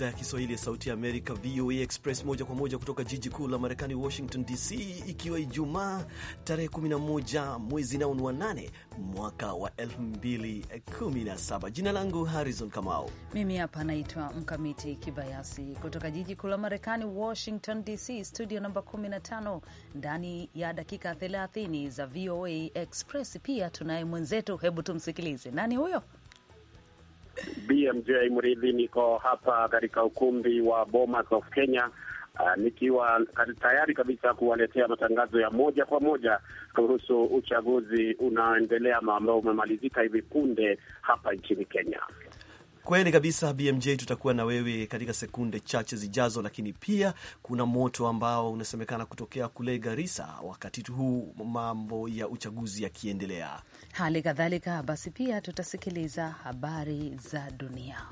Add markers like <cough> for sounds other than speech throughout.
idhaa ya Kiswahili ya Sauti ya Amerika, VOA Express, moja kwa moja kutoka jiji kuu la Marekani, Washington DC, ikiwa Ijumaa tarehe 11 mwezi nao ni wa 8 mwaka wa 2017. Jina langu Harrison Kamau, mimi hapa naitwa Mkamiti Kibayasi, kutoka jiji kuu la Marekani, Washington DC, studio namba 15, ndani ya dakika 30 za VOA Express. Pia tunaye mwenzetu, hebu tumsikilize. Nani huyo? BMJ Mridhi, niko hapa katika ukumbi wa Bomas of Kenya. Uh, nikiwa tayari kabisa kuwaletea matangazo ya moja kwa moja kuhusu uchaguzi unaoendelea ambao umemalizika hivi punde hapa nchini Kenya. Kweli kabisa BMJ, tutakuwa na wewe katika sekunde chache zijazo, lakini pia kuna moto ambao unasemekana kutokea kule Garissa wakati huu mambo ya uchaguzi yakiendelea. Hali kadhalika basi, pia tutasikiliza habari za dunia.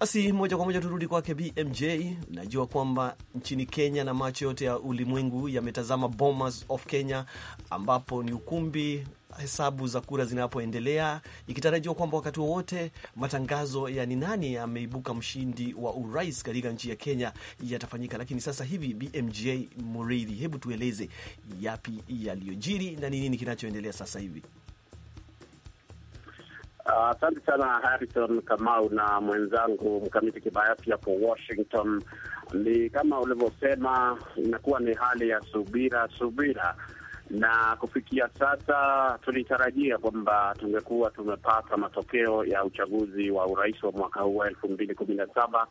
Basi moja kwa moja turudi kwake BMJ. Najua kwamba nchini Kenya na macho yote ya ulimwengu yametazama Bomas of Kenya, ambapo ni ukumbi hesabu za kura zinapoendelea, ikitarajiwa kwamba wakati wowote matangazo ya ni nani ameibuka mshindi wa urais katika nchi ya Kenya yatafanyika. Lakini sasa hivi, BMJ Muridhi, hebu tueleze yapi yaliyojiri na ni nini kinachoendelea sasa hivi? Asante uh, sana Harrison Kamau na mwenzangu Mkamiti Kibayasi hapo Washington. Ni kama ulivyosema, inakuwa ni hali ya subira subira na kufikia sasa tulitarajia kwamba tungekuwa tumepata matokeo ya uchaguzi wa urais wa mwaka huu wa elfu mbili kumi na saba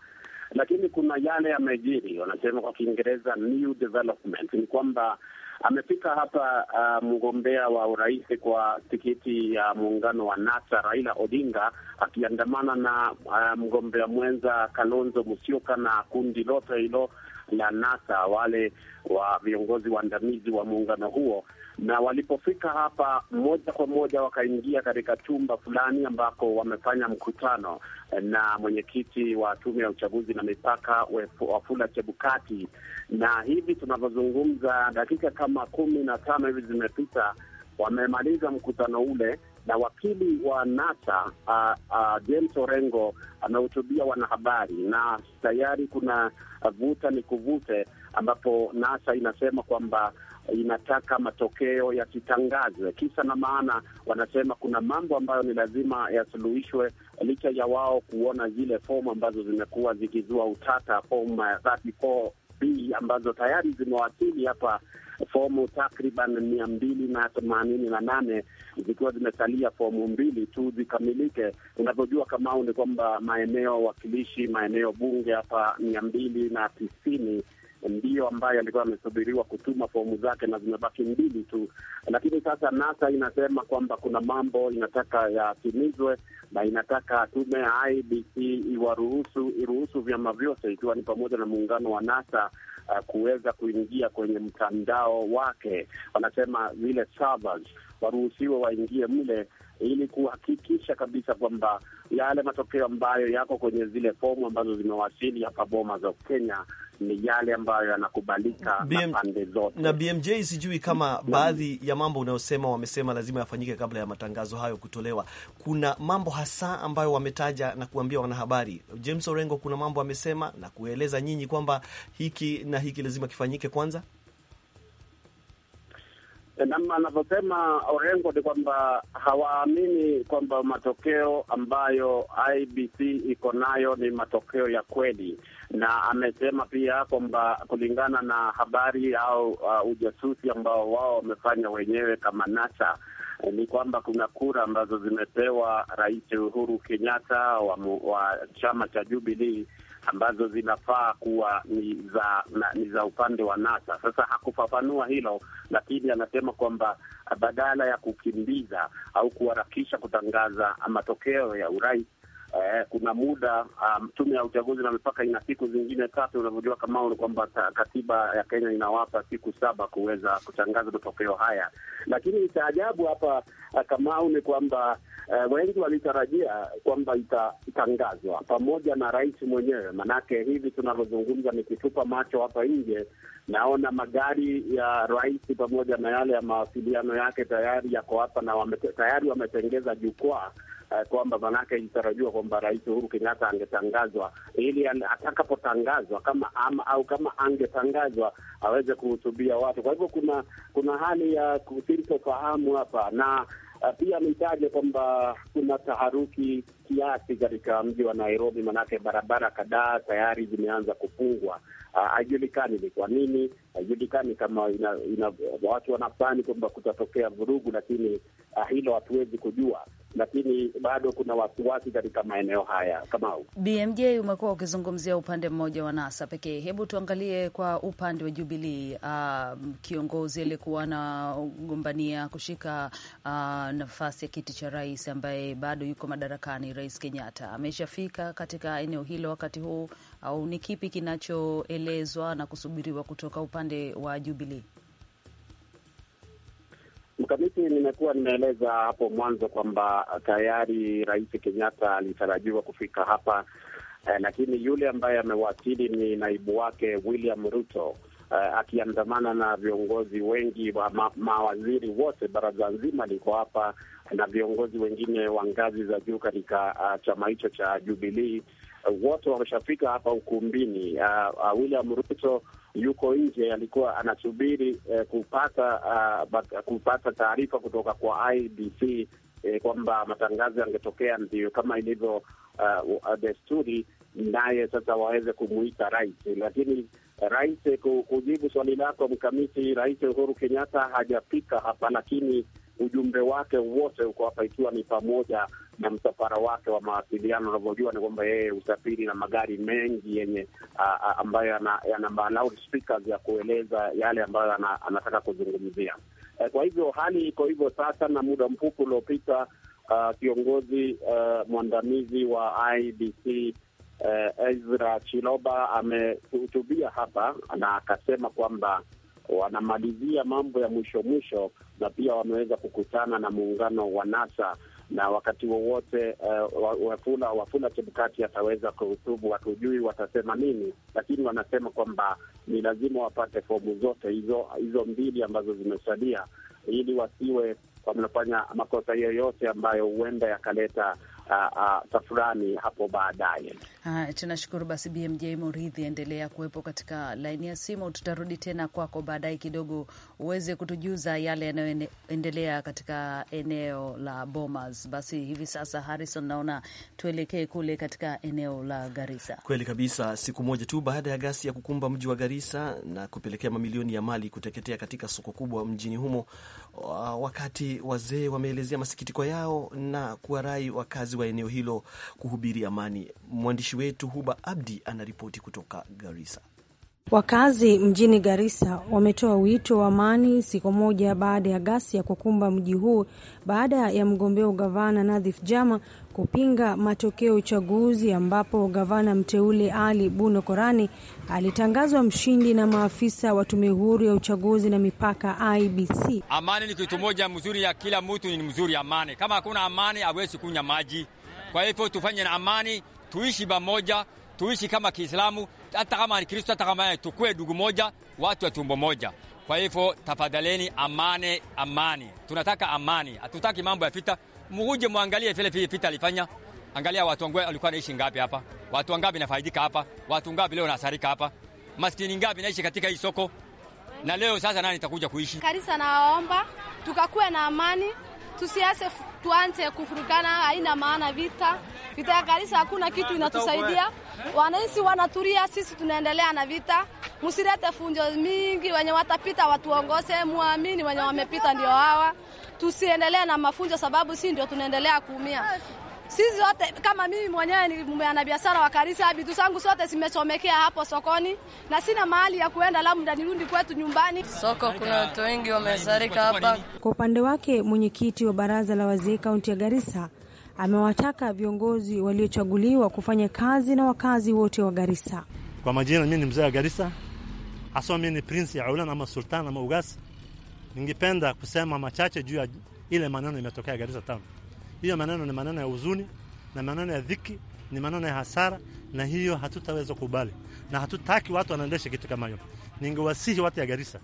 lakini kuna yale yamejiri, wanasema kwa Kiingereza new development, ni kwamba amefika hapa uh, mgombea wa urais kwa tikiti ya uh, muungano wa NASA Raila Odinga akiandamana na uh, mgombea mwenza Kalonzo Musyoka na kundi lote hilo la NASA, wale wa viongozi waandamizi wa muungano huo, na walipofika hapa moja kwa moja wakaingia katika chumba fulani ambako wamefanya mkutano eh, na mwenyekiti wa tume ya uchaguzi na mipaka Wafula Chebukati, na hivi tunavyozungumza, dakika kama kumi na tano hivi zimepita, wamemaliza mkutano ule na wakili wa NASA uh, uh, James Orengo amehutubia wanahabari, na tayari kuna vuta ni kuvute, ambapo NASA inasema kwamba inataka matokeo yasitangazwe. Kisa na maana, wanasema kuna mambo ambayo ni lazima yasuluhishwe, licha ya wao kuona zile fomu ambazo zimekuwa zikizua utata, fomu B ambazo tayari zimewasili hapa fomu takriban mia mbili na themanini na nane zikiwa zimesalia fomu mbili tu zikamilike. Unavyojua Kamau, ni kwamba maeneo wakilishi, maeneo bunge hapa mia mbili na tisini ndiyo ambaye alikuwa amesubiriwa kutuma fomu zake na zimebaki mbili tu, lakini sasa NASA inasema kwamba kuna mambo inataka yatimizwe na inataka tume ya IBC iwaruhusu iruhusu vyama vyote ikiwa ni pamoja na muungano wa NASA uh, kuweza kuingia kwenye mtandao wake. Wanasema vile servers waruhusiwe waingie mle ili kuhakikisha kabisa kwamba yale matokeo ambayo yako kwenye zile fomu ambazo zimewasili hapa Bomas of Kenya ni yale ambayo yanakubalika na pande zote. Na BMJ, sijui kama baadhi ya mambo unayosema wamesema lazima yafanyike kabla ya matangazo hayo kutolewa, kuna mambo hasa ambayo wametaja na kuambia wanahabari. James Orengo, kuna mambo amesema na kueleza nyinyi kwamba hiki na hiki lazima kifanyike kwanza nam anavyosema Orengo ni kwamba hawaamini kwamba matokeo ambayo IBC iko nayo ni matokeo ya kweli, na amesema pia kwamba kulingana na habari au uh, ujasusi ambao wao wamefanya wenyewe kama NASA eh, ni kwamba kuna kura ambazo zimepewa Rais Uhuru Kenyatta wa, wa chama cha Jubilii ambazo zinafaa kuwa ni za na, ni za upande wa NASA. Sasa hakufafanua hilo, lakini anasema kwamba badala ya kukimbiza au kuharakisha kutangaza matokeo ya urais eh, kuna muda um, tume ya uchaguzi na mipaka ina siku zingine tatu. Unavyojua kama ni kwamba katiba ya Kenya inawapa siku saba kuweza kutangaza matokeo haya, lakini cha ajabu hapa eh, Kamau ni kwamba uh, wengi walitarajia kwamba itatangazwa pamoja na rais mwenyewe, manake hivi tunavyozungumza, nikitupa macho hapa nje naona magari ya rais pamoja na yale ya mawasiliano yake tayari yako hapa na wame, tayari wametengeza jukwaa Eh, kwamba manake ilitarajiwa kwamba Rais Uhuru Kenyatta angetangazwa ili atakapotangazwa kama ama, au kama angetangazwa aweze kuhutubia watu. Kwa hivyo kuna kuna hali ya kusintofahamu hapa na eh, pia nitaje kwamba kuna taharuki kiasi katika mji wa Nairobi, manake barabara kadhaa tayari zimeanza kufungwa. Ah, haijulikani ni kwa nini, haijulikani kama ina, ina, watu wanafani kwamba kutatokea vurugu, lakini ah, hilo hatuwezi kujua lakini bado kuna wasiwasi katika maeneo haya. Kama BMJ umekuwa ukizungumzia upande mmoja wa NASA pekee, hebu tuangalie kwa upande wa Jubilii. Uh, um, kiongozi aliyekuwa anagombania kushika uh, nafasi ya kiti cha rais ambaye bado yuko madarakani, Rais Kenyatta ameshafika katika eneo hilo wakati huu, au ni kipi kinachoelezwa na kusubiriwa kutoka upande wa Jubilii? Mkamiti, nimekuwa nimeeleza hapo mwanzo kwamba tayari Rais Kenyatta alitarajiwa kufika hapa eh, lakini yule ambaye amewasili ni naibu wake William Ruto eh, akiandamana na viongozi wengi ma, mawaziri wote, baraza nzima liko hapa na viongozi wengine wa ngazi za juu katika uh, chama hicho cha Jubilii uh, wote wameshafika hapa ukumbini. Uh, uh, William Ruto yuko nje, alikuwa anasubiri uh, kupata uh, kupata taarifa kutoka kwa IBC uh, kwamba matangazo yangetokea, ndio kama ilivyo uh, uh, desturi, naye sasa waweze kumuita rais, lakini rais kujibu swali lako mkamiti, Rais Uhuru Kenyatta hajafika hapa, lakini ujumbe wake wote uko hapa, ikiwa ni pamoja na msafara wake wa mawasiliano. Unavyojua ni kwamba yeye usafiri na magari mengi yenye uh, ambayo yana loudspeakers ya kueleza yale ambayo anataka kuzungumzia. E, kwa hivyo hali iko hivyo sasa, na muda mfupi uliopita uh, kiongozi uh, mwandamizi wa IBC uh, eh, Ezra Chiloba amehutubia hapa na akasema kwamba wanamalizia mambo ya mwisho mwisho, na pia wameweza kukutana na muungano wa NASA na wakati wowote uh, Wafula Wafula Chebukati ataweza kuhutubu. Hatujui watasema nini, lakini wanasema kwamba ni lazima wapate fomu zote hizo hizo mbili ambazo zimesalia, ili wasiwe wamefanya makosa yoyote ambayo huenda yakaleta tafurani hapo baadaye. Ah, tunashukuru basi, BMJ Muridhi, endelea kuwepo katika laini ya simu. Tutarudi tena kwako baadaye kidogo uweze kutujuza yale yanayoendelea katika eneo la Bomas. Basi hivi sasa, Harrison, naona tuelekee kule katika eneo la garisa Kweli kabisa, siku moja tu baada ya gasi ya kukumba mji wa Garisa na kupelekea mamilioni ya mali kuteketea katika soko kubwa mjini humo Uh, wakati wazee wameelezea masikitiko yao na kuwarai wakazi wa eneo hilo kuhubiri amani. Mwandishi wetu Huba Abdi anaripoti kutoka Garissa. Wakazi mjini Garissa wametoa wito wa amani siku moja baada ya ghasia kukumba mji huu baada ya mgombea ugavana Nadhif Jama kupinga matokeo ya uchaguzi ambapo gavana mteule Ali Buno Korani alitangazwa mshindi na maafisa wa tume huru ya uchaguzi na mipaka IBC. Amani ni kitu moja mzuri ya kila mtu ni mzuri amani. Kama hakuna amani hawezi kunywa maji. Kwa hivyo tufanye na amani, tuishi pamoja tuishi kama Kiislamu, hata kama ni Kristo, hata kama tukue dugu moja, watu wa tumbo moja. Kwa hivyo tafadhaleni, amani, amani, tunataka amani, hatutaki mambo ya vita. Muje muangalie vile vile vita alifanya. Angalia watu wangu walikuwa naishi ngapi hapa, watu wangapi nafaidika hapa, watu ngapi leo nasarika hapa, maskini ngapi naishi katika hii soko, na leo sasa nani takuja kuishi? Karisa, nawaomba tukakuwe na amani, tusiase tuanze kufurukana, haina maana vita. Vita ya kanisa hakuna kitu inatusaidia. Wananchi wanatulia, sisi tunaendelea na vita. Msirete funjo mingi, wenye watapita watuongoze, muamini wenye wamepita ndio hawa. Tusiendelee na mafunjo sababu si ndio tunaendelea kuumia. Sisi wote kama mimi mwenyewe ni mwanabiashara wa kanisa, vitu zangu zote zimechomekea hapo sokoni na sina mahali ya kuenda, labda nirudi kwetu nyumbani. Soko kuna watu wengi wamesarika hapa. Kwa upande wake, mwenyekiti wa baraza la wazee kaunti ya Garissa amewataka viongozi waliochaguliwa kufanya kazi na wakazi wote wa Garissa. Kwa majina, mimi ni mzee wa Garissa, haswa mimi ni prince ya Aulan ama sultan ama Ugas. Ningependa kusema machache juu ya ile maneno imetokea Garissa town. Hiyo maneno ni maneno ya huzuni na maneno ya dhiki, ni maneno ya hasara, na hiyo hatutaweza kubali na hatutaki watu wanaendesha kitu kama hiyo. Ningewasihi watu ya Garissa,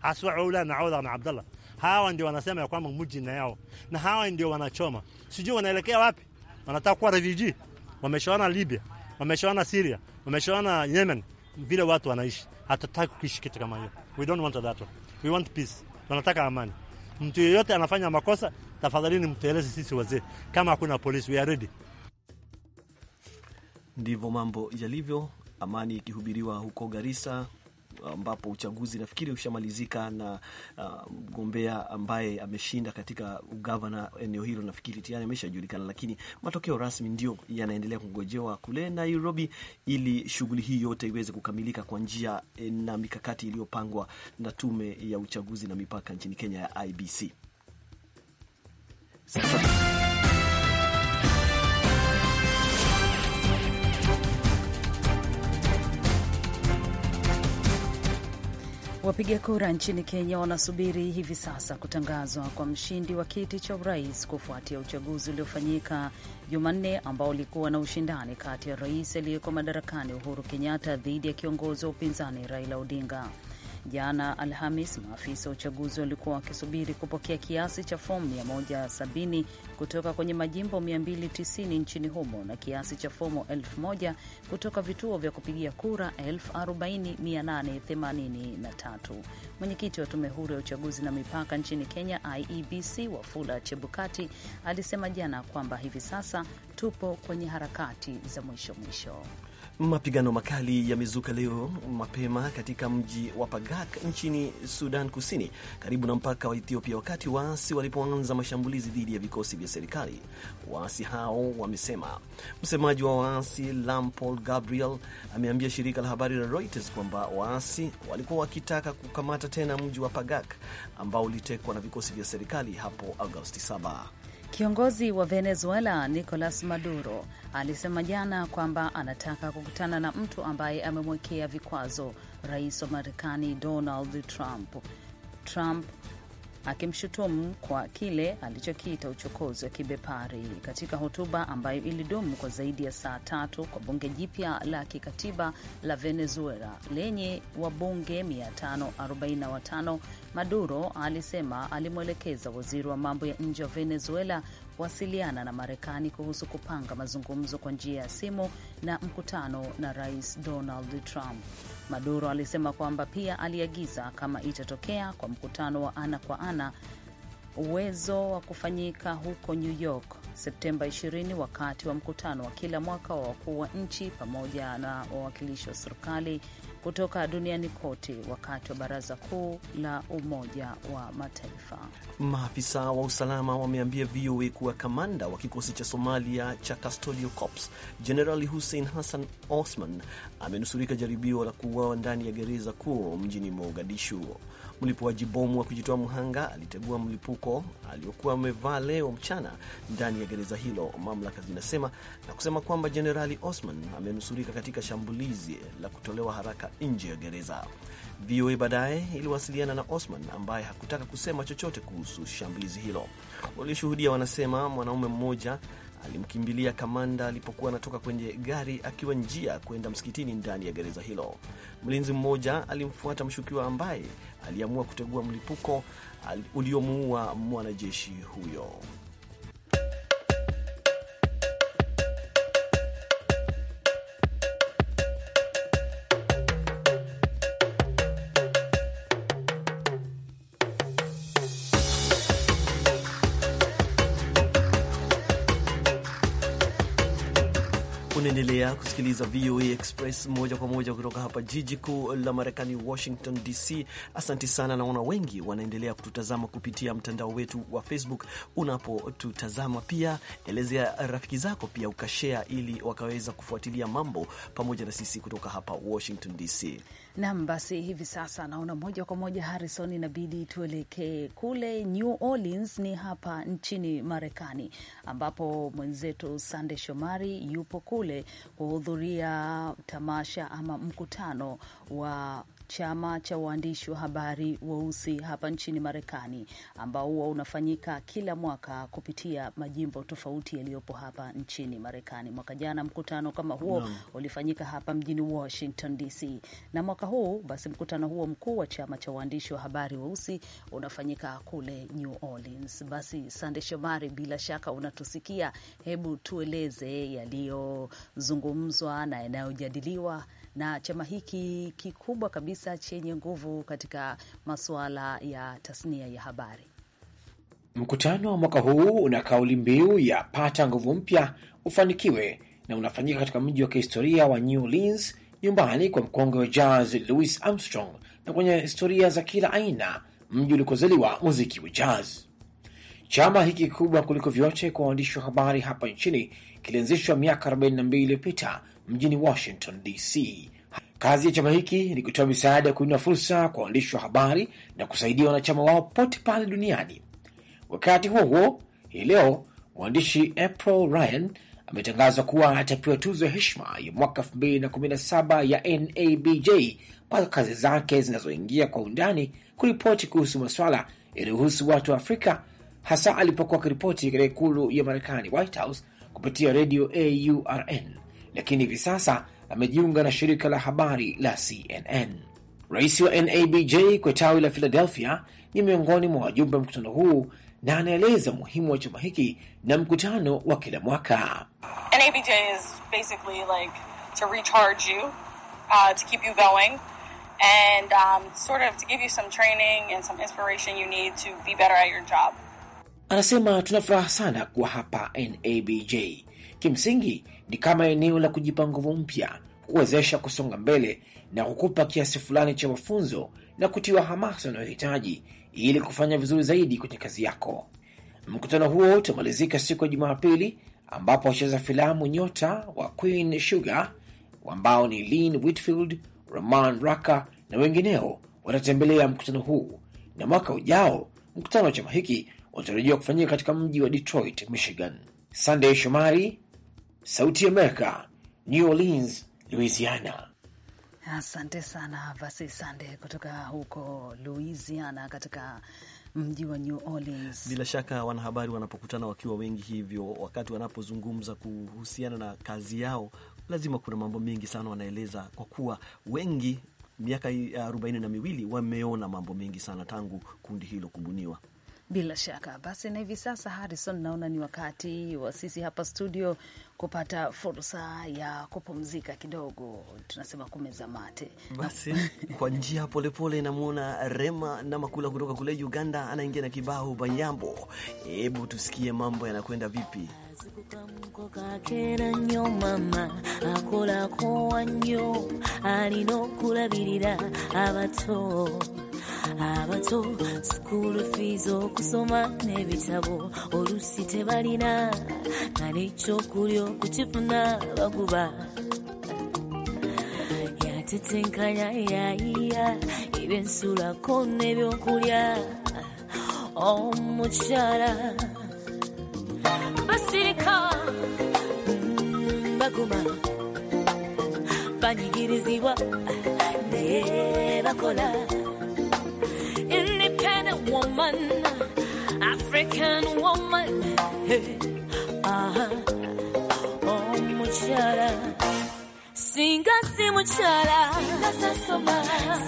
haswa Ula na Oudha na Abdallah, hawa ndio wanasema ya kwamba mji na yao, na hawa ndio wanachoma. Sijui wanaelekea wapi, wanataka kuwa refugee. Wameshaona Libya, wameshaona Syria, wameshaona Yemen, vile watu wanaishi. Hatutaki kuishi kitu kama hiyo, we don't want that, we want peace. Tunataka amani. Mtu yeyote anafanya makosa tafadhalini mteleze sisi wazee kama hakuna polisi, we are ready. Ndivyo mambo yalivyo, amani ikihubiriwa huko Garissa ambapo uchaguzi nafikiri ushamalizika na uh, mgombea uh, ambaye ameshinda katika ugavana eneo hilo nafikiri tayari ameshajulikana, lakini matokeo rasmi ndio yanaendelea kungojewa kule Nairobi, ili shughuli hii yote iweze kukamilika kwa njia eh, na mikakati iliyopangwa na tume ya uchaguzi na mipaka nchini Kenya ya IBC. Sasa wapiga kura nchini Kenya wanasubiri hivi sasa kutangazwa kwa mshindi wa kiti cha urais kufuatia uchaguzi uliofanyika Jumanne ambao ulikuwa na ushindani kati ya rais aliyeko madarakani Uhuru Kenyatta dhidi ya kiongozi wa upinzani Raila Odinga. Jana Alhamis, maafisa wa uchaguzi walikuwa wakisubiri kupokea kiasi cha fomu 170 kutoka kwenye majimbo 290 nchini humo na kiasi cha fomu 1000 kutoka vituo vya kupigia kura 40883. Mwenyekiti wa tume huru ya uchaguzi na mipaka nchini Kenya, IEBC, Wafula Chebukati alisema jana kwamba hivi sasa tupo kwenye harakati za mwisho mwisho. Mapigano makali yamezuka leo mapema katika mji wa Pagak nchini Sudan Kusini, karibu na mpaka wa Ethiopia, wakati waasi walipoanza mashambulizi dhidi ya vikosi vya serikali, waasi hao wamesema. Msemaji wa waasi Lampol Gabriel ameambia shirika la habari la Reuters kwamba waasi walikuwa wakitaka kukamata tena mji wa Pagak ambao ulitekwa na vikosi vya serikali hapo Agosti 7. Kiongozi wa Venezuela Nicolas Maduro alisema jana kwamba anataka kukutana na mtu ambaye amemwekea vikwazo rais wa Marekani Donald Trump. Trump akimshutumu kwa kile alichokiita uchokozi wa kibepari katika hotuba ambayo ilidumu kwa zaidi ya saa tatu kwa bunge jipya la kikatiba la Venezuela lenye wabunge 545. Maduro alisema alimwelekeza waziri wa mambo ya nje wa Venezuela kuwasiliana na Marekani kuhusu kupanga mazungumzo kwa njia ya simu na mkutano na Rais Donald Trump. Maduro alisema kwamba pia aliagiza kama itatokea kwa mkutano wa ana kwa ana uwezo wa kufanyika huko New York Septemba 20 wakati wa mkutano wa kila mwaka wa wakuu wa nchi pamoja na wawakilishi wa serikali kutoka duniani kote wakati wa Baraza Kuu la Umoja wa Mataifa. Maafisa wa usalama wameambia VOA kuwa kamanda wa kikosi cha Somalia cha Custodial Corps Jenerali Hussein Hassan Osman amenusurika jaribio la kuuawa ndani ya gereza kuu mjini Mogadishu mlipuaji bomu wa kujitoa mhanga alitegua mlipuko aliokuwa amevaa leo mchana ndani ya gereza hilo, mamlaka zinasema, na kusema kwamba Jenerali Osman amenusurika katika shambulizi la kutolewa haraka nje ya gereza. VOA baadaye iliwasiliana na Osman ambaye hakutaka kusema chochote kuhusu shambulizi hilo. Walioshuhudia wanasema mwanaume mmoja alimkimbilia kamanda alipokuwa anatoka kwenye gari akiwa njia kwenda msikitini ndani ya gereza hilo. Mlinzi mmoja alimfuata mshukiwa ambaye aliamua kutegua mlipuko uliomuua mwanajeshi huyo. Unaendelea kusikiliza VOA Express moja kwa moja kutoka hapa jiji kuu la Marekani, Washington DC. asanti sana, naona wengi wanaendelea kututazama kupitia mtandao wetu wa Facebook. Unapotutazama pia elezea rafiki zako, pia ukashea, ili wakaweza kufuatilia mambo pamoja na sisi kutoka hapa Washington DC. Nam, basi hivi sasa naona moja kwa moja Harrison, inabidi tuelekee kule New Orleans, ni hapa nchini Marekani, ambapo mwenzetu Sande Shomari yupo kule kuhudhuria tamasha ama mkutano wa chama cha waandishi wa habari weusi hapa nchini Marekani, ambao huwa unafanyika kila mwaka kupitia majimbo tofauti yaliyopo hapa nchini Marekani. Mwaka jana mkutano kama huo no. ulifanyika hapa mjini Washington DC, na mwaka huu basi mkutano huo mkuu wa chama cha waandishi wa habari weusi unafanyika kule New Orleans. Basi Sande Shomari, bila shaka unatusikia, hebu tueleze yaliyozungumzwa na yanayojadiliwa na chama hiki kikubwa kabisa chenye nguvu katika masuala ya tasnia ya habari. Mkutano wa mwaka huu una kauli mbiu ya pata nguvu mpya, ufanikiwe, na unafanyika katika mji wa kihistoria wa New Orleans, nyumbani kwa mkongwe wa jazz Louis Armstrong na kwenye historia za kila aina, mji ulikozaliwa muziki wa jazz. Chama hiki kikubwa kuliko vyote kwa waandishi wa habari hapa nchini kilianzishwa miaka 42 iliyopita mjini Washington DC. Kazi ya chama hiki ni kutoa misaada ya kuinua fursa kwa waandishi wa habari na kusaidia wanachama wao pote pale duniani. Wakati huo huo, hii leo mwandishi April Ryan ametangazwa kuwa atapewa tuzo ya heshima ya mwaka 2017 ya NABJ kwa kazi zake zinazoingia kwa undani kuripoti kuhusu masuala yanayohusu watu wa Afrika, hasa alipokuwa akiripoti katika ikulu ya Marekani, White House, kupitia redio AURN lakini hivi sasa amejiunga na shirika la habari la CNN. Rais wa NABJ kwa tawi la Philadelphia ni miongoni mwa wajumbe wa mkutano huu na anaeleza umuhimu wa chama hiki na mkutano wa kila mwaka. Uh, um, Anasema tuna furaha sana kuwa hapa NABJ. Kimsingi ni kama eneo la kujipa nguvu mpya, kuwezesha kusonga mbele na kukupa kiasi fulani cha mafunzo na kutiwa hamasa unayohitaji ili kufanya vizuri zaidi kwenye kazi yako. Mkutano huo utamalizika siku ya Jumapili ambapo wacheza filamu nyota wa Queen Sugar ambao ni Lin Whitfield, Roman Raka na wengineo watatembelea mkutano huu, na mwaka ujao mkutano wa chama hiki unatarajiwa kufanyika katika mji wa Detroit, Michigan. sandey Shomari, Sauti Amerika, New Orleans, Louisiana. Asante sana Vasi Sande kutoka huko Louisiana katika mji wa New Orleans. Bila shaka wanahabari wanapokutana wakiwa wengi hivyo, wakati wanapozungumza kuhusiana na kazi yao, lazima kuna mambo mengi sana wanaeleza, kwa kuwa wengi miaka arobaini na miwili wameona mambo mengi sana tangu kundi hilo kubuniwa. Bila shaka basi, na hivi sasa Harrison, naona ni wakati wa sisi hapa studio kupata fursa ya kupumzika kidogo, tunasema kumeza mate basi kwa njia polepole. Namwona Rema na Makula kutoka kule Uganda anaingia na kibao Bayambo. Hebu tusikie mambo yanakwenda vipi? abato sukuulu fiizi okusoma n'ebitabo oluusi tebalina nga n'ekyokulya okukifuna baguba yatetenkanya yayiya ebyensulako n'ebyokulya omukyala basirika mm, baguma banyigirizibwa naye bakola woman, African woman. Hey, uh-huh. Oh, muchara. Singa si muchara. Singa sa soma.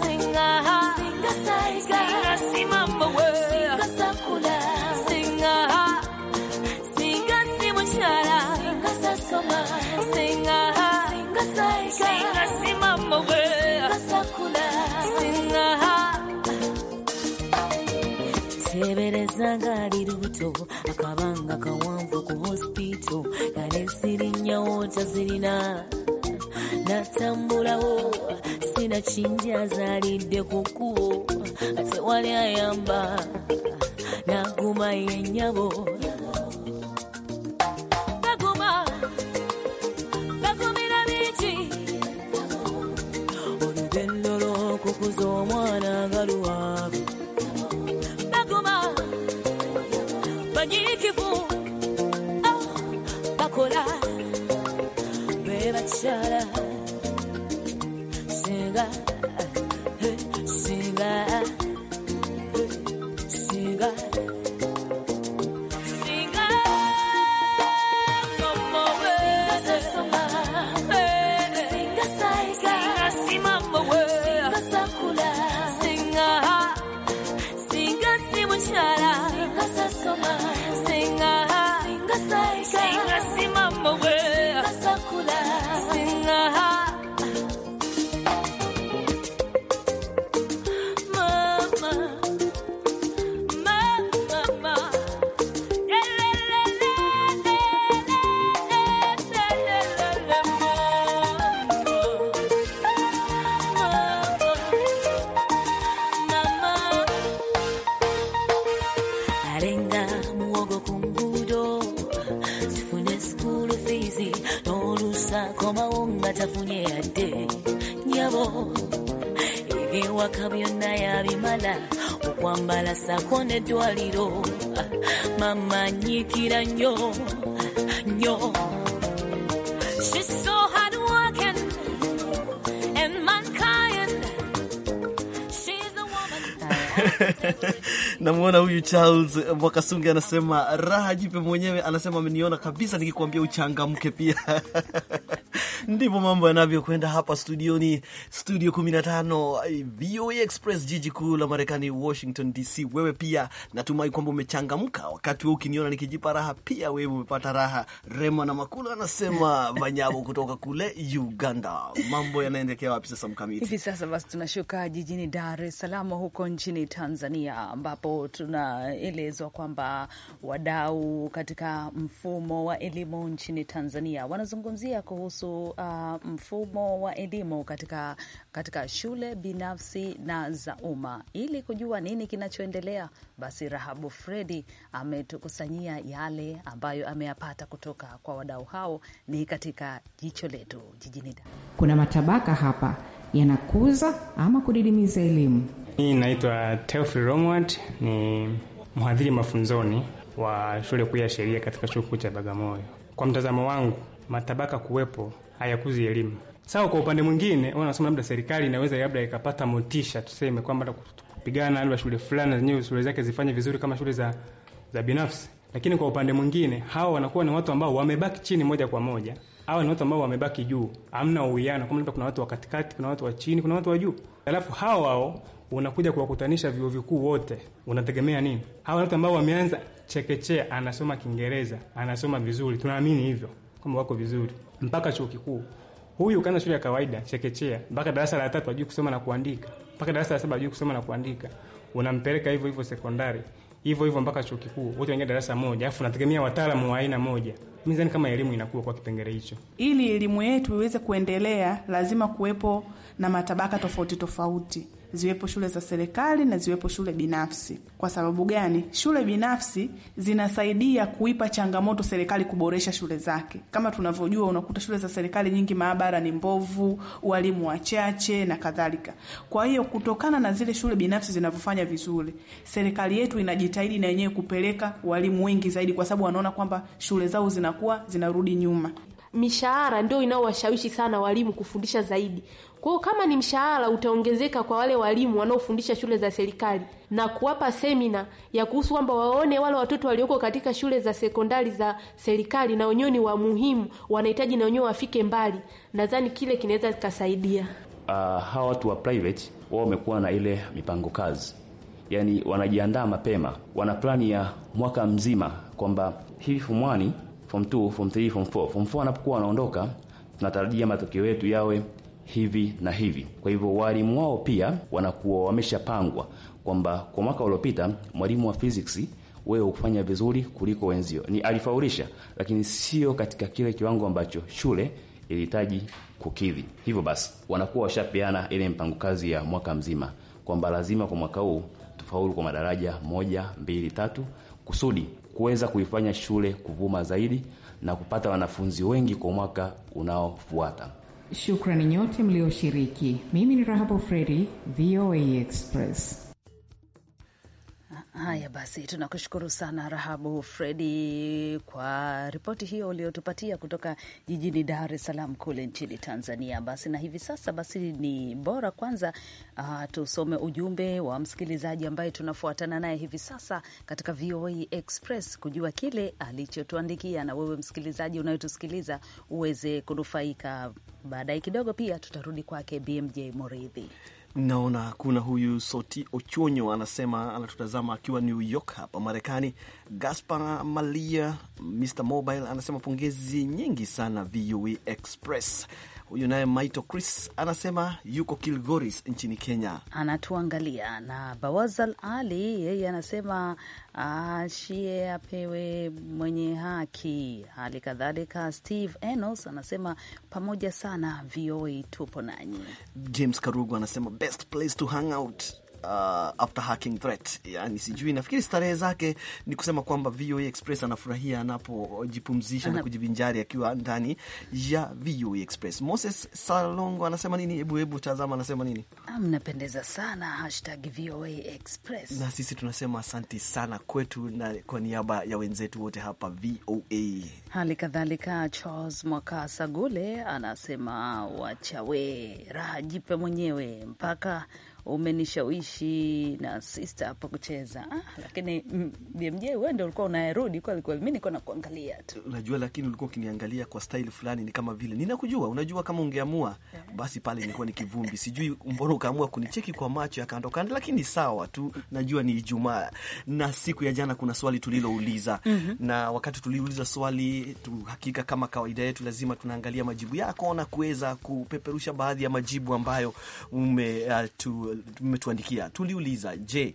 Singa. Singa sa iga. Singa si mama we. Singa sa kula. Singa. Singa si muchara. Singa sa soma. Singa. Singa sa iga. Singa si mama we. Singa sa teebereza ngaali lubuto akabanga kawanvu ku hospito kale sirinnyawo tazirina natambulawo sina kinji azaalidde ku kkubo atewali ayamba naguma yennyabo Kuzo mwana nga luwavu banyiikivu ah, bakola be bakyala singa eh, singa ewaka byonna yabimala okwambala ssaako neddwaliro mama nyiikira nnyo nnyo <laughs> Namwona huyu Charles mwakasungi anasema raha jipe mwenyewe, anasema ameniona kabisa, nikikuambia uchangamke pia <laughs> Ndivyo mambo yanavyokwenda hapa studioni, studio 15 VOA Express, jiji kuu la Marekani, Washington DC. Wewe pia natumai kwamba umechangamka wakati huu, ukiniona nikijipa raha, pia wewe umepata raha. Rema na Makula anasema vanyavo <laughs> kutoka kule Uganda. Mambo yanaendelea wapi sasa, Mkamiti? Hivi sasa basi tunashuka jijini Dar es Salaam huko nchini Tanzania, ambapo tunaelezwa kwamba wadau katika mfumo wa elimu nchini Tanzania wanazungumzia kuhusu uh, mfumo wa elimu katika, katika shule binafsi na za umma ili kujua nini kinachoendelea. Basi Rahabu Fredi ametukusanyia yale ambayo ameyapata kutoka kwa wadau hao, ni katika jicho letu jijini Dar. Kuna matabaka hapa yanakuza ama kudidimiza elimu. mii naitwa Teofil Romward, ni mhadhiri mafunzoni wa shule kuu ya sheria katika chuo kikuu cha Bagamoyo. Kwa mtazamo wangu, matabaka kuwepo hayakuzi elimu. Sawa, kwa upande mwingine wanasema labda serikali inaweza labda ikapata motisha, tuseme kwamba kupigana labda shule fulani zenyewe shule zake zifanye vizuri kama shule za, za binafsi. Lakini kwa upande mwingine hawa wanakuwa ni watu ambao wamebaki chini moja kwa moja. Hawa ni watu ambao wamebaki juu, hamna uwiano. Kama labda kuna watu wa katikati, kuna watu wa chini, kuna watu wa juu, alafu hawa wao unakuja kuwakutanisha vyuo vikuu wote, unategemea nini? Hawa watu ambao wameanza chekechea, anasoma Kiingereza, anasoma vizuri, tunaamini hivyo kwamba wako vizuri mpaka chuo kikuu. Huyu kana shule ya kawaida chekechea mpaka darasa la tatu ajui kusoma na kuandika, mpaka darasa la saba ajui kusoma na kuandika, unampeleka hivyo hivyo sekondari, hivyo hivyo mpaka chuo kikuu, wote wengine darasa moja, alafu unategemea wataalamu wa aina moja. Mizani kama elimu inakuwa kwa kipengele hicho. Ili elimu yetu iweze kuendelea, lazima kuwepo na matabaka tofauti tofauti ziwepo shule za serikali na ziwepo shule binafsi. Kwa sababu gani? Shule binafsi zinasaidia kuipa changamoto serikali kuboresha shule zake. Kama tunavyojua, unakuta shule za serikali nyingi maabara ni mbovu, walimu wachache na kadhalika. Kwa hiyo kutokana na zile shule binafsi zinavyofanya vizuri, serikali yetu inajitahidi na yenyewe kupeleka walimu wengi zaidi, kwa sababu wanaona kwamba shule zao zinakuwa zinarudi nyuma mishahara ndio inaowashawishi sana walimu kufundisha zaidi. Kwa hiyo kama ni mshahara utaongezeka kwa wale walimu wanaofundisha shule za serikali na kuwapa semina ya kuhusu kwamba waone wale watoto walioko katika shule za sekondari za serikali na wenyewe ni wa muhimu, wanahitaji na wenyewe wafike mbali, nadhani kile kinaweza kikasaidia. Uh, hawa watu wa private wao wamekuwa na ile mipango kazi, yani wanajiandaa mapema, wana plani ya mwaka mzima kwamba hivi fumwani form 2, form 3, form 4. Form 4 wanapokuwa wanaondoka, tunatarajia matokeo yetu yawe hivi na hivi. Kwa hivyo walimu wao pia wanakuwa wameshapangwa kwamba kwa mwaka uliopita mwalimu wa physics wewe hukufanya vizuri kuliko wenzio, ni alifaulisha, lakini sio katika kile kiwango ambacho shule ilihitaji kukidhi. Hivyo basi wanakuwa washapeana ile mpango kazi ya mwaka mzima kwamba lazima kwa mwaka huu tufaulu kwa madaraja moja, mbili, tatu kusudi kuweza kuifanya shule kuvuma zaidi na kupata wanafunzi wengi kwa mwaka unaofuata. Shukrani nyote mlioshiriki. Mimi ni Rahabu Fredi, VOA Express. Haya basi, tunakushukuru sana Rahabu Fredi kwa ripoti hiyo uliotupatia kutoka jijini Dar es Salaam kule nchini Tanzania. Basi na hivi sasa basi ni bora kwanza, uh, tusome ujumbe wa msikilizaji ambaye tunafuatana naye hivi sasa katika VOA Express kujua kile alichotuandikia, na wewe msikilizaji unayetusikiliza uweze kunufaika. Baadaye kidogo pia tutarudi kwake BMJ Moridhi. Naona kuna huyu Soti Ochonyo anasema anatutazama akiwa New York hapa Marekani, Gaspar Malia Mr Mobile anasema pongezi nyingi sana VOA Express. Huyu naye Maito Chris anasema yuko Kilgoris nchini Kenya, anatuangalia. Na Bawazal Ali yeye anasema ashie ah, apewe mwenye haki. Hali kadhalika Steve Enos anasema pamoja sana VOA, tupo nanyi. James Karugu anasema best place to hang out uh, after hacking threat. Yani sijui, nafikiri starehe zake ni kusema kwamba VOA Express anafurahia anapojipumzisha na kujivinjari akiwa ndani ya VOA Express. Moses Salongo anasema nini? Hebu hebu tazama, anasema nini? Mnapendeza sana hashtag VOA Express, na sisi tunasema asanti sana kwetu na kwa niaba ya wenzetu wote hapa VOA. Hali kadhalika Charles Mwakasagule anasema wachawe raha jipe mwenyewe mpaka umenishawishi na sista hapa kucheza. Ah, lakini mm, BMJ wewe ndio ulikuwa unayarudi kweli kweli, mi nilikuwa nakuangalia tu, unajua, lakini ulikuwa ukiniangalia kwa staili fulani, ni kama vile ninakujua. Unajua, kama ungeamua basi pale nilikuwa ni kivumbi, sijui mbona ukaamua kunicheki kwa macho ya kando kando, lakini sawa tu, najua ni Ijumaa na siku ya jana kuna swali tulilouliza mm -hmm. na wakati tuliuliza swali tu, hakika kama kawaida yetu, lazima tunaangalia majibu yako na kuweza kupeperusha baadhi ya majibu ambayo ume uh, tu mmetuandikia, tuliuliza, je,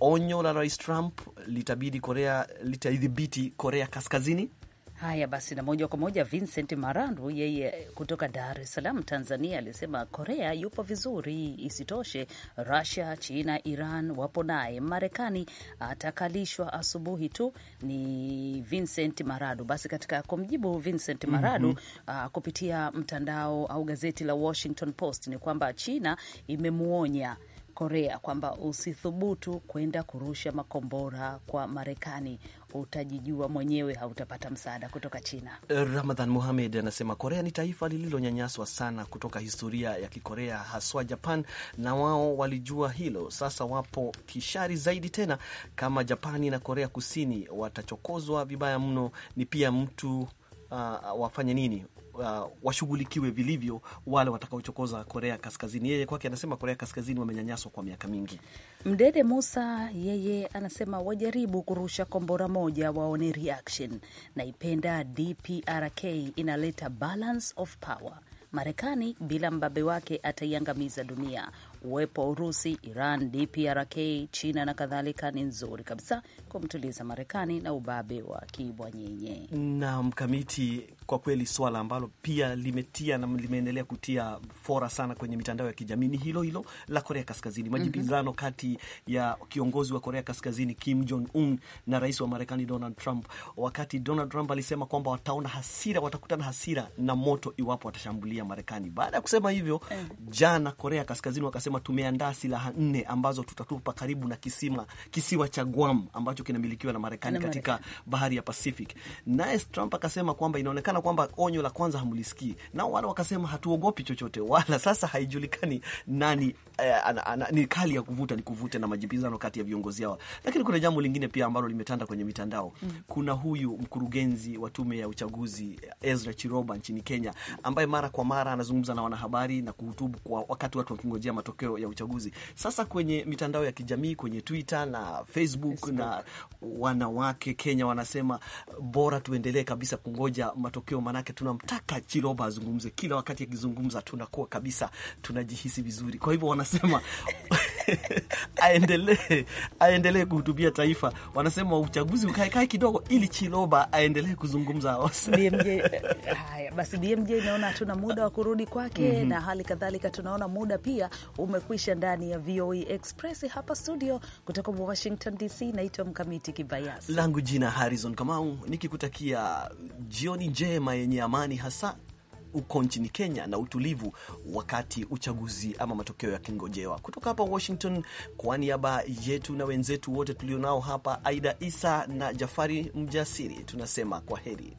onyo la Rais Trump litabidi Korea, litaidhibiti Korea Kaskazini? Haya basi, na moja kwa moja Vincent Marandu yeye kutoka Dar es Salaam, Tanzania, alisema Korea yupo vizuri. Isitoshe, Rusia, China, Iran wapo naye. Marekani atakalishwa asubuhi tu. Ni Vincent Maradu. Basi katika kumjibu Vincent mhm. Maradu mm -hmm. uh, kupitia mtandao au gazeti la Washington Post ni kwamba China imemwonya Korea kwamba usithubutu kwenda kurusha makombora kwa Marekani yako utajijua mwenyewe, hautapata msaada kutoka China. Ramadhan Muhamed anasema Korea ni taifa lililonyanyaswa sana kutoka historia ya Kikorea, haswa Japan, na wao walijua hilo. Sasa wapo kishari zaidi tena, kama Japani na Korea Kusini watachokozwa vibaya mno. Ni pia mtu Uh, wafanye nini uh, washughulikiwe vilivyo wale watakaochokoza Korea Kaskazini. Yeye kwake anasema Korea Kaskazini wamenyanyaswa kwa miaka mingi. Mdede Musa yeye anasema wajaribu kurusha kombora moja waone reaction. Naipenda DPRK, inaleta balance of power. Marekani bila mbabe wake ataiangamiza dunia. Uwepo wa Urusi, Iran, DPRK, China na kadhalika ni nzuri kabisa kumtuliza Marekani na ubabe wa kibwanyenye na mkamiti kwa kweli swala ambalo pia limetia na limeendelea kutia fora sana kwenye mitandao ya kijamii ni hilo hilo la Korea Kaskazini, mhm. majibizano kati ya kiongozi wa Korea Kaskazini Kim Jong Un na rais wa Marekani Donald Trump. Wakati Donald Trump alisema kwamba wataona hasira, watakutana hasira na moto iwapo watashambulia Marekani. Baada ya kusema hivyo, mm -hmm. jana Korea Kaskazini wakasema tumeandaa silaha nne ambazo tutatupa karibu na kisima, kisiwa cha Guam ambacho kinamilikiwa na Marekani katika bahari ya Pacific. Naye Trump akasema kwamba inaonekana inaonekana kwamba onyo la kwanza hamlisikii, nao wale wakasema hatuogopi chochote wala. Sasa haijulikani nani eh, ana, ana, ni kali ya kuvuta ni kuvute na majibizano kati ya viongozi hawa, lakini kuna jambo lingine pia ambalo limetanda kwenye mitandao mm. Kuna huyu mkurugenzi wa tume ya uchaguzi Ezra Chiroba nchini Kenya ambaye mara kwa mara anazungumza na wanahabari na kuhutubu kwa wakati watu wakingojea matokeo ya uchaguzi. Sasa kwenye mitandao ya kijamii kwenye Twitter na Facebook, Facebook na wanawake Kenya wanasema bora tuendelee kabisa kungoja matokeo matokeo, maanake tunamtaka chiroba azungumze. Kila wakati akizungumza, tunakuwa kabisa tunajihisi vizuri. Kwa hivyo wanasema <laughs> aendelee aendelee kuhutubia taifa. Wanasema uchaguzi ukaekae kidogo, ili Chiloba aendelee kuzungumza. <laughs> BMJ, haya basi, BMJ naona hatuna muda wa kurudi kwake mm -hmm. na hali kadhalika tunaona muda pia umekwisha ndani ya VOA e Express hapa studio kutoka Washington DC. Naitwa Mkamiti Kibayasi, langu jina Harrison Kamau, nikikutakia jioni njema yenye amani hasa uko nchini Kenya na utulivu wakati uchaguzi ama matokeo yakingojewa. Kutoka hapa Washington, kwa niaba yetu na wenzetu wote tulionao hapa, Aida Isa na Jafari Mjasiri, tunasema kwa heri.